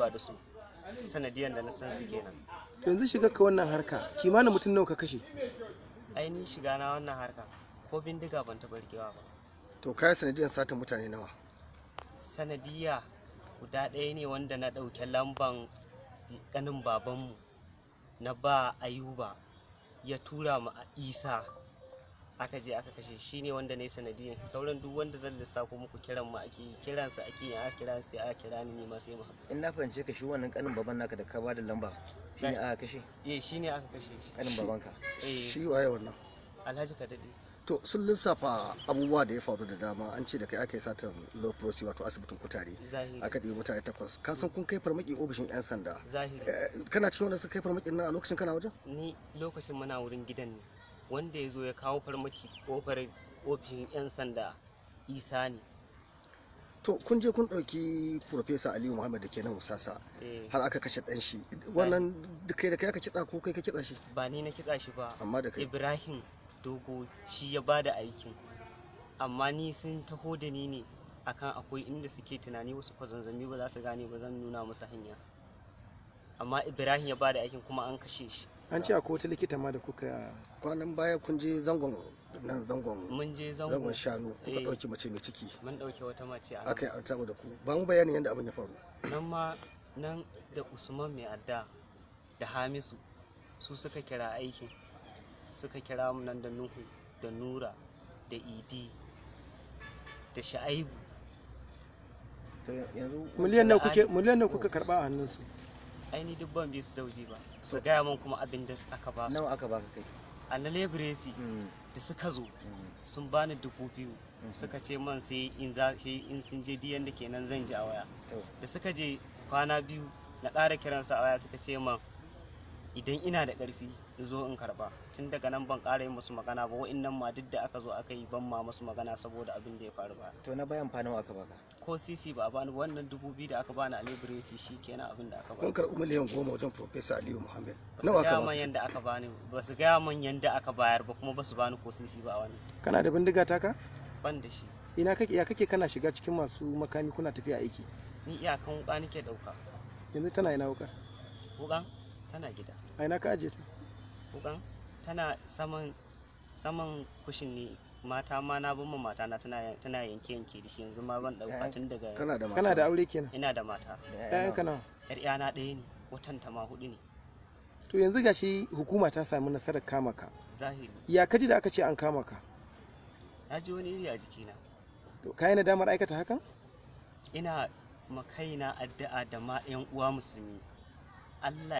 haɗuwa da su ta sanadiyar da na san su kenan yanzu shiga ka wannan harka kimanin mutum nawa ka kashe ainihin shiga na wannan harka ko bindiga ban taɓa rikewa ba to kai sanadiyar satan mutane nawa sanadiya guda ɗaya ne wanda na ɗauke lamban ƙanin babanmu na ba ayuba ya tura ma isa aka je aka kashe shi ne wanda ne sanadiyan sauran duk wanda zan lissafo muku kiran mu ake yi kiransa ake yi a kira sai a kira ni ma sai mu in na fahimce ka shi wannan kanin baban naka da ka ba da lamba shi ne aka kashe eh shi ne aka kashe shi kanin babanka eh. shi waye wannan alhaji kadadi to sun lissafa abubuwa da ya faru da dama an ce da kai aka yi satan low proxy wato asibitin kutare aka ɗaya mutane takwas ka san kun kai farmaki ofishin yan sanda eh, kana cikin wanda suka kai farmakin nan a lokacin kana wajen ni lokacin muna wurin gidan ne wanda ya zo ya kawo farmaki kofar ofishin 'yan sanda isa ne to kun je kun ɗauki profesa aliyu muhammad da ke nan musasa eh. har aka kashe ɗan shi wannan kai da kai aka kitsa ko kai ka kitsa shi ba ni na kitsa shi ba amma da kai ibrahim dogo shi ya ba da aikin amma ni sun taho da ni ne akan akwai inda suke tunani wasu kwazanzami ba za su gane ba zan nuna musu hanya amma ibrahim ya bada aikin kuma an kashe shi an ce akwai wata likita ma da kuka kwanan baya kun je zangon nan zangon mun je zangon shanu kuka dauki eh. mace mai ciki mun dauke wata mace a kai an tabo da ku ba mu bayanin yadda abin ya faru nan ma nan da usman mai adda da hamisu su suka kira aikin suka kira mu nan da nuhu da nura da idi da sha'aibu miliyan nawa kuka karba a hannunsu aini duk ban bi su dauji ba su gaya min kuma abin da aka ba su nawa aka baka kai a na lebresi mm. da suka zo mm. sun bani dubu biyu mm-hmm. suka ce man sai in za in sun je diyan da kenan zan ji a waya da suka je kwana biyu na ƙara kiransa a waya suka ce man idan ina da ƙarfi in zo in karba tun daga nan ban ƙara yin musu magana ba wa'annan ma duk da aka zo aka yi ban ma musu magana saboda abin da ya faru ba to na bayan fanawa aka baka ko sisi ba bani wannan dubu biyu da aka bani a libresi shi kenan abin da aka bani kun karɓi miliyan goma wajen professor aliyu muhammad nawa aka bani yanda aka bani ba su gaya man yanda aka bayar ba kuma ba su bani ko sisi ba wani kana da bindiga taka ban da shi ina kake ya kake kana shiga cikin masu makami kuna tafiya aiki ni iyakan wuka nake dauka yanzu tana ina wuka wukan tana gida a ina ka aje ta wukan tana saman saman kushin ne mata ma na bin mata na tana tana yanke yanke da shi yanzu ma ban dauka eh. tun daga kana da kana da aure kenan ina da mata ƴaƴan ka nawa ƴar ƴana ɗaya ne watan ta ma hudu ne to yanzu gashi hukuma ta samu nasarar kama ka zahiri ya kaji da aka ce an kama ka na ji wani iri a jikina to kai na damar aikata hakan ina makaina addu'a da ma 'yan uwa musulmi Allah